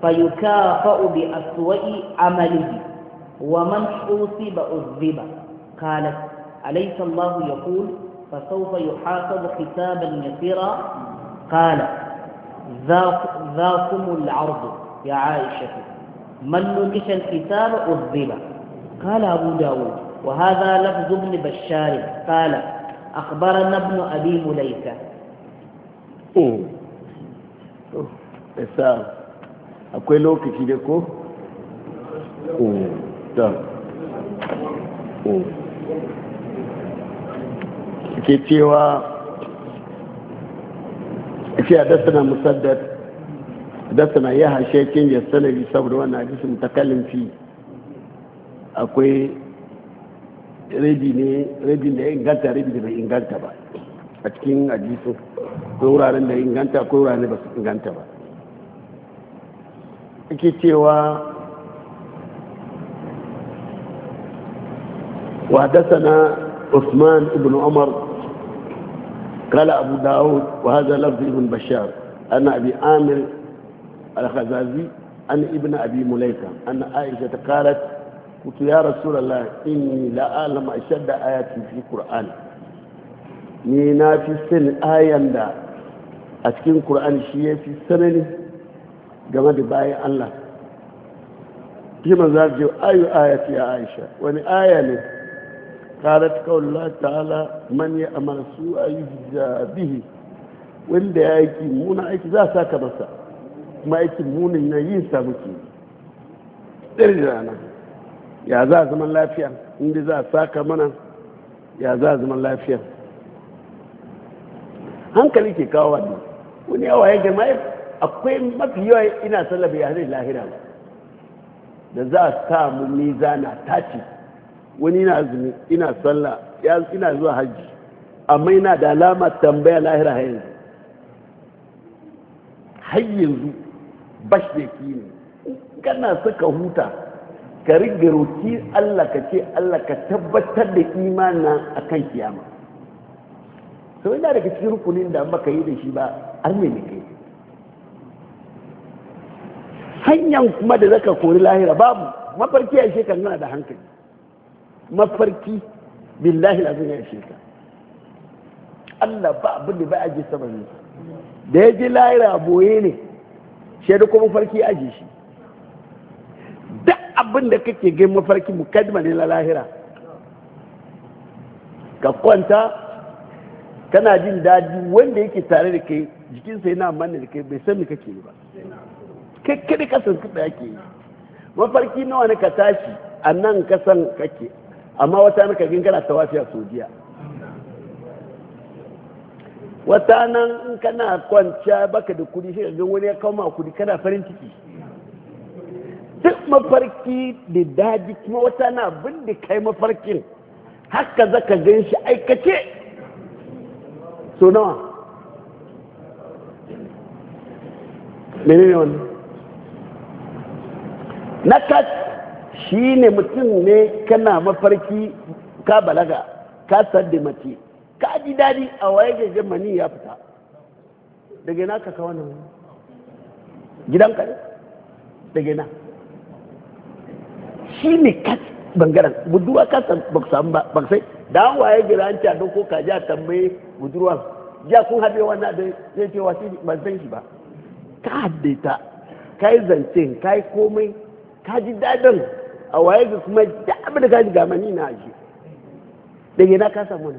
فيكافأ بأسوأ عمله ومن حوصب أذب قالت أليس الله يقول فسوف يحاسب حسابا يسيرا قال ذاكم العرض يا عائشة من نكش الحساب أذب قال أبو داود وهذا لفظ ابن بشار قال أخبرنا ابن أبي مليكة isa akwai lokaci da ko? ta ke cewa ce a dasana musaddad dasana ya hashe kin ya sanari saboda wannan hadisi mutakallin fi akwai rabi ne rabi da ya inganta rabi da bai inganta ba a cikin hadisi ko wuraren da inganta ko wuraren da ba su inganta ba ake cewa na usman ibn Umar قال أبو داود وهذا لفظ ابن بشار أن أبي عامر الخزازي أن ابن أبي مليكة أن عائشة قالت قلت يا رسول الله إني لا أعلم أشد آياتي في القرآن نينا في سن آية دا أتكين القرآن شيء في السنة جمع باي الله كما ذكر أي آية يا عائشة وأن آية لي قالت قول الله تعالى من يأمر سوء يجزى به wanda ya aiki muna aiki za a saka masa kuma aikin munin na yin sa muke ɗari rana ya za a zaman lafiya inda za a saka mana ya za a zaman lafiya hankali ke kawo wani wani yawa ya akwai mafi yawa ina salafi ya hari lahira da za a samu mizana tace wani ina azumi ina sallah ina zuwa hajji amma ina da alama tambaya lahira har yanzu har yanzu bashe da ki ne kana suka huta ka riga roki Allah ka ce Allah ka tabbatar da imanin kan kiyama sau yana daga cikin rukunin da baka yi da shi ba har ne kai hanyar kuma da zaka kori lahira babu mafarki a shekar nuna da hankali mafarki billahi lazim ya shi ka Allah ba abin da ba a ji yi da ya ji lahira boye ne shaidu kuma mafarki aji shi da abin da kake gai mafarki kadima ne na lahira ka kwanta kana jin daji wanda yake tare da kai jikinsa yana manna da kai bai san me kake yi ba kai kada kasan kuɗa yake yi mafarki nawa ne ka tashi a nan kasan kake amma wata nan kagin kana tawafi a sojiya wata nan in kana kwanciya baka da kudi shi ga wani ya kama kudi kana farin ciki duk mafarki da daji kuma wata na abin da kai mafarkin haka zaka gan shi aikace so nawa menene wani na shi ne mutum ne kana mafarki ka balaga ka sadda mace ka ji daɗi a waye ga jamani ya fita daga na ka kawo nan gidanka ne daga na shi ne ka bangaren budurwa ka san ba samu ba ba sai da an waye gira an ta doko ka ja tambaye budurwa ja kun haɗe wannan da zai ce wasi ba zan shi ba ka haɗe ta ka yi zancen ka yi komai ka ji daɗin a waye ga kuma da abin da ka ji gamani na aji daga na ka samu ne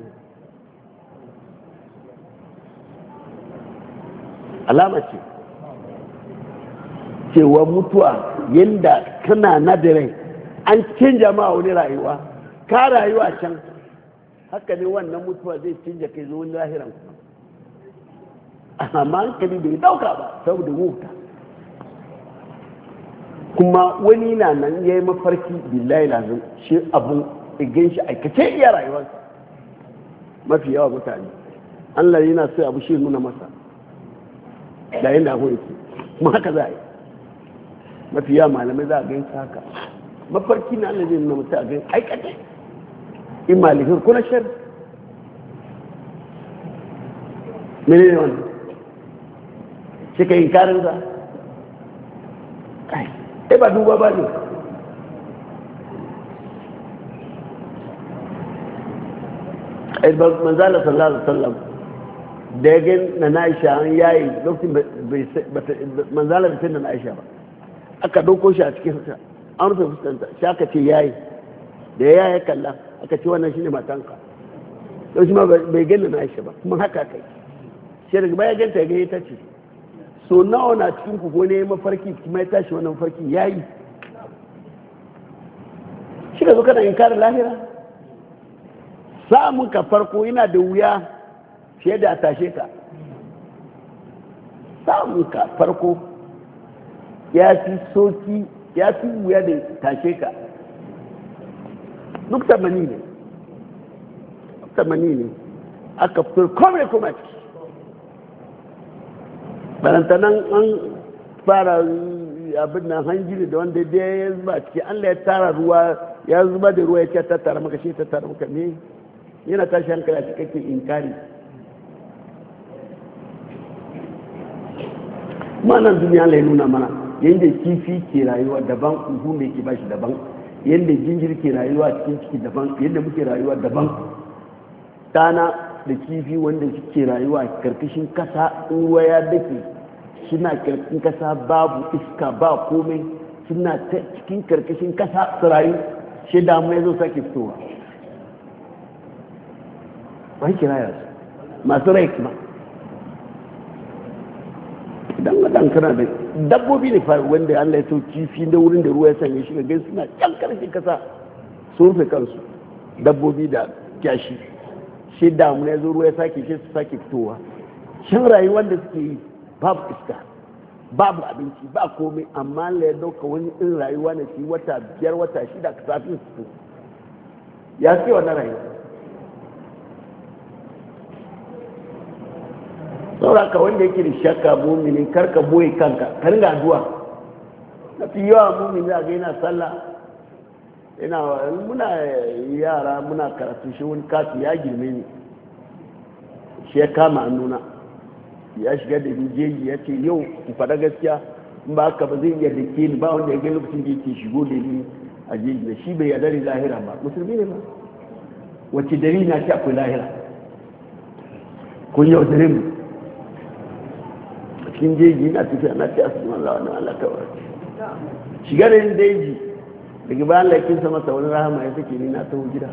alama ce cewa mutuwa yadda kana na da rai an canja ma wani rayuwa ka rayuwa can haka ne wannan mutuwa zai canja kai zuwa wani lahiran kuma amma an kani bai dauka ba saboda wuta kuma wani na nan ya yi mafarki billahi lazim shi abu igin shi aikace iya rayuwarsa mafi yawa mutane allah yana sai abu shi nuna masa da yin da yake kuma haka za a yi mafi yawa malamai za a gan shi haka mafarki na allah zai nuna mutum a gan aikace in malihin kuna shar mene ne wannan shi ka yi karin a sai ba duba ba ne manzala sallallahu alaihi wasallam da ya na na'isha an yayi lokacin manzala bai san na na'isha ba aka ɗauko shi a cikin sa an rufe fuskanta shi aka ce yayi da ya yaya kalla aka ce wannan shine matanka don shi ma bai gani na na'isha ba kuma haka kai shi daga baya ganta ya gani ta ce so nawa na cikin ku gone ya mafarki kuma ya tashi wannan mafarki ya yi shi ka zo kana kare lahira samun ka farko yana da wuya fiye da a tashe ka samun ka farko ya fi soki ya fi wuya da tashe ka duk tamani ne tamani ne aka fito kome kome ciki nan an fara abin nan hanjiri da wanda da ya zuba ciki an ya tara ruwa ya zuba da ruwa ya ce tattara maka shi tattara maka ne yana tashi hankali a cikakken inkari ma'anar duniya allah ya nuna mana yadda kifi ke rayuwa daban kuhu mai ke bashi daban yadda jinjiri ke rayuwa cikin ciki daban yadda muke rayuwa daban tana da kifi wanda suke rayuwa karkashin kasa ruwa ya dake suna karkashin kasa babu iska ba komai suna ta cikin karkashin kasa su rayu shi damu ya zo sake fitowa wani kiraya su masu rai kuma don madan kana da dabbobi ne faru wanda allah ya sau kifi da wurin da ruwa ya sanya shi ga gaisu suna can karkashin kasa sun fi kansu dabbobi da kyashi shi damuna ya zo ruwa ya sake shi su sake fitowa shin rayuwar da suke yi babu iska babu abinci ba komai amma la ya dauka wani in rayuwa na shi wata biyar wata shida safin su ya ce wannan rayuwa saura ka wanda yake da shakka mumini karka boye kanka ka ringa addu'a fi yawa mumini a ga yana sallah ina muna yara muna karatu shi wani kati ya girme ni shi ya kama nuna ya shiga da jeji ya ce yau ku faɗa gaskiya in ba haka ba zai iya da ke ni ba wanda ya ga lokacin da yake shigo da ni a jeji da shi bai yarda da lahira ba musulmi ne ba wacce dare na shi akwai lahira kun yau dare mu cikin jeji na tafiya na ce asuman lawa na Allah kawai shiga da yin jeji daga bayan laikin sama ta wani rahama ya take ni na taho gida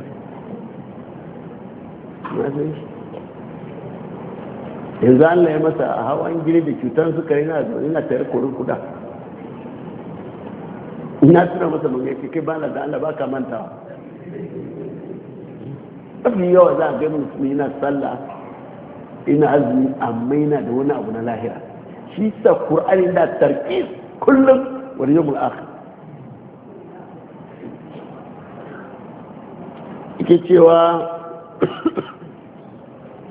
yanzu an laye masa a hawan gini da cutar suka yi na zaune na tayar korin kuda ina tuna masa mun yake kai bala da Allah baka mantawa mafi yawa za a ga musulmi na sallah ina azumi amma maina da wani abu na lahira shi sa qur'ani da tarkis kullum wani yawmul akhir yake cewa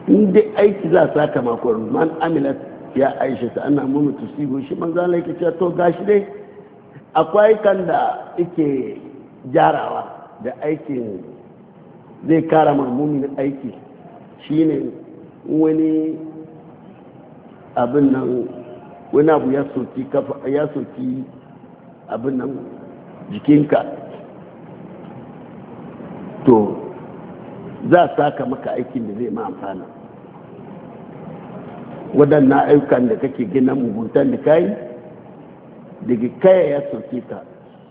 inda aiki za sa ta makon man amila ya aisha ta ana mu sigo shi man Allah yake cewa to gashi dai akwai kan da ike jarawa da aikin zai kara mummumin aiki shine wani abin nan wani abu ya ya soki abin nan jikinka to za a saka maka aikin da zai ma amfana waɗannan ayyukan da kake gina mugutan da kayi daga kaya ya sauke ka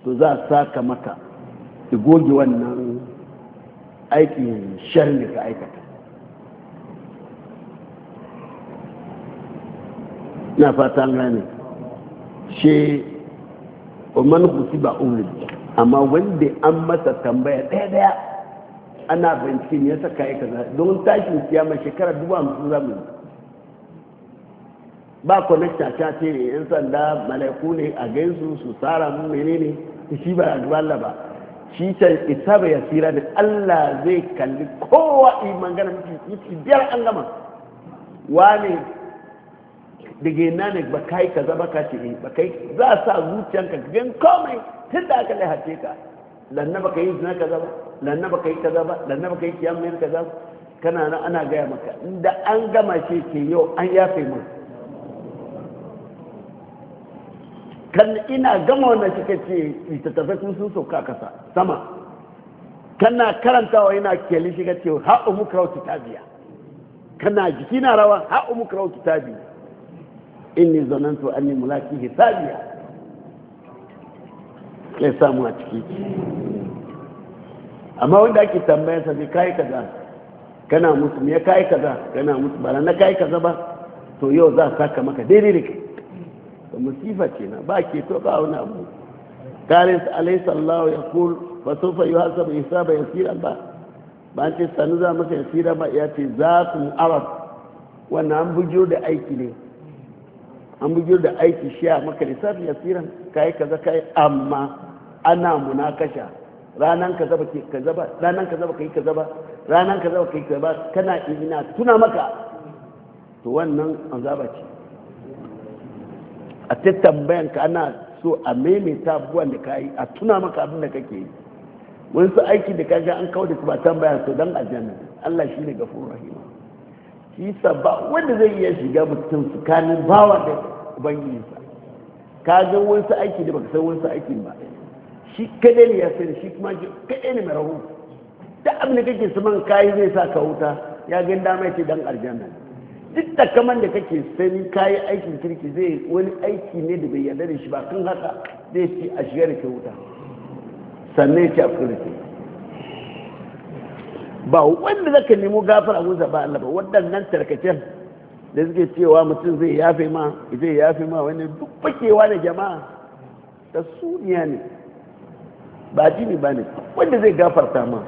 to za a saka maka da goge wannan aikin shan da ka aikata na fatan gane shi umar kusi ba umar amma wanda an masa tambaya ɗaya-ɗaya ana bincike me saka kai kaza don tashin kiyama shekara dubu hamsin zamu yi ba na caca ce ne yan sanda malaiku ne a gaisu su tsara mu ne shi ba a duba ba shi can isa bai tsira da Allah zai kalli kowa yi magana mutu biyar an gama da daga yana ne ba kai kaza ba ka ce ba kai za a sa zuciyanka gan komai tun da aka lahace ka lanna baka yi zina kaza ba lanna baka yi kaza ba lanna baka yi kiyam mai kaza ba kana nan ana gaya maka inda an gama shi ke yau an yafe mun kan ina gama wannan shi kace littattafai sun sun sauka kasa sama kana karantawa yana kyalli shi ce ha umu krawu kitabiya kana jiki na rawa ha umu In kitabiya inni zanantu anni mulaki hisabiya kai samu a ciki amma wanda ake tambaya sa ne kai kaza kana musu me kai kaza kana musu ba na kai kaza ba to yau za a saka maka daidai da kai to musifa ce na ba ke to ba wani abu karis alai Allah ya kul fa sawfa yuhasabu hisaba yasira ba ba ce sanu za maka yasira ba ya ce za ku arab wannan an bujo da aiki ne an bugiyar da aiki shi a maka lissafi yasiran yi kaza yi amma ana munakasha ranan ka baki kaza ba ranan kaza baki kaza ba ranan kaza baki kaza ba kana izina tuna maka to wannan azaba ce a ta tambayan ka ana so a maimaita abubuwan da ka yi a tuna maka abin da kake yi wani su aiki da kaga an kawo da su ba tambaya su dan aljanna Allah shine gafurur rahima isa ba wanda zai iya shiga mutum tsakanin bawa da ubangijinsa ka ga wasu aiki da baka san wasu aiki ba shi kadai ne ya sani shi kuma ji kadai ne mai rahu da abin da kake saman kayi zai sa ka wuta ya gan dama ce dan aljanna duk da kaman da kake sani kayi aikin kirki zai wani aiki ne da bai yarda da shi ba kan haka zai ci a shiga da ke wuta sannan ya ce a fita ba wanda zaka nemo gafara gunsa ba Allah ba waɗannan tarkacen da suke cewa mutum zai yafe ma zai yafe ma wani duk bakewa da jama'a ta suniya ne ba jini ba ne wanda zai gafarta ma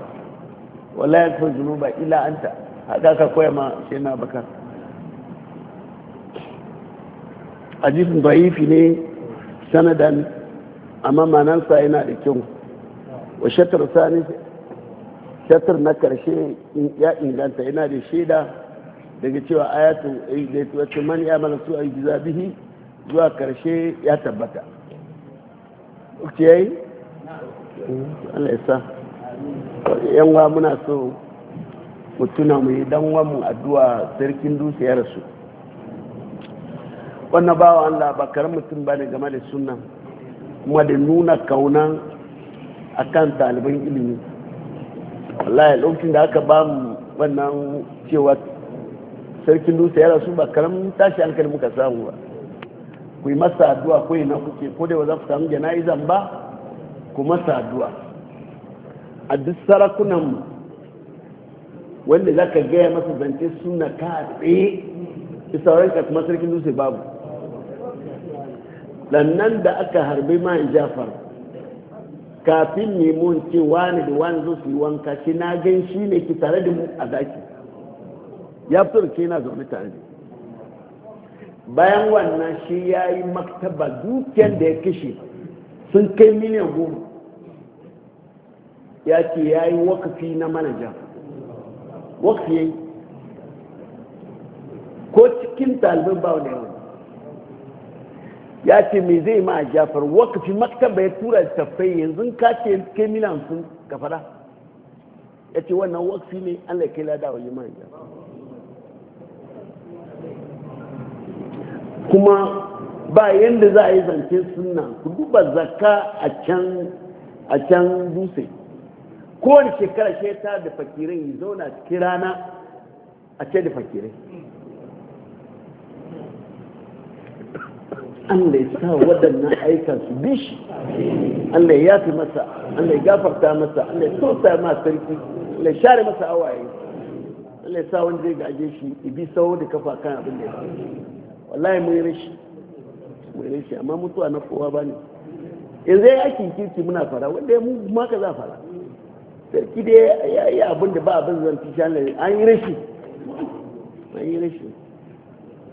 wala ya kan ba ila anta haka ka koya ma shi na bakar hadisin da'ifi ne sanadan amma manansa yana da kyau wa shatar sani shatar na karshe ya inganta yana da shaida daga cewa ayatu da ce man ya mana su a bihi zuwa karshe ya tabbata ok yayi Allah ya sa yan wa muna so mutuna mu yi dan wa mu addu'a sarkin dutse ya rasu wannan bawa Allah ba karamin mutum bane game da sunna kuma da nuna kauna akan ɗaliban ilimi wallahi lokacin da aka ba mu wannan cewa sarkin dutse ya rasu ba karamin tashi hankali muka samu ba ku yi masa addu'a ko ina kuke ko da za ku samu jana'izan ba ku masa addu'a a duk sarakunan mu wanda za ka gaya masa zance suna ka tsaye isauran ka kuma sarkin dutse babu lannan da aka harbe ma jafar kafin ne mun ce wani da wani zo su yi wanka shi na gan shi ne ki tare da mu a daki ya fito da ke na zaune tare da bayan wannan shi ya yi maktaba dukiyar da ya kashe sun kai miliyan goma ya ce ya yi wakafi na manaja wakafi ya yi ko cikin talibin ba wani yawon ya ce me zai ma a jafar wakafi maktaba ya tura tafai yanzu ka ce ke sun ka ya ce wannan wakafi ne an laike lada wa jafar kuma ba yadda za a yi zance sunna ku duba zakka a can dutse kowane shekara shekara da fakirai zauna cikin rana a ce da fakirai Allah ya sa waɗannan aika su bi shi Allah ya yafi masa Allah ya gafarta masa Allah ya tosa ma sarki Allah ya share masa awaye Allah ya sa wanda zai gaje shi ya bi sawo da kafa kan abin da ya wallahi mun rashi mun rashi amma mutuwa na kowa ne yanzu ya aikin kirki muna fara wanda ya mu ma ka za fara sarki da ya yi abin da ba abin zan fi shi an yi rashi an yi rashi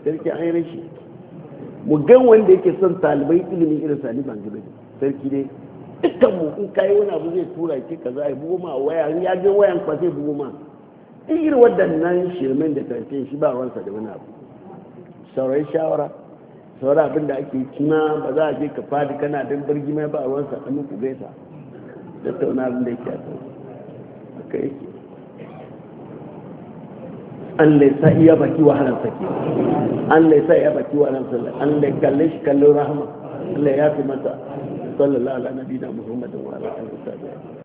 sarki an yi rashi mu gan wanda yake son talibai ilimin irin sani da sarki dai dukkan mu in kai wani abu zai tura ki kaza ya bugu ma waya in ya ga wayan kwa zai bugu ma in irin waɗannan shirmen da karshe shi ba wansa da wani abu saurayi shawara saurayi abin da ake kima ba za a je ka fadi kana don birgi mai ba wansa ɗan ku gaisa tattauna abin da yake a kai yake Allah ya sa iya baki wahalar sa ke Allah ya sa iya baki wahalar sa Allah ya kalle shi kallon rahama Allah ya fi mata sallallahu alaihi wa sallam Muhammadin wa alihi wa sahbihi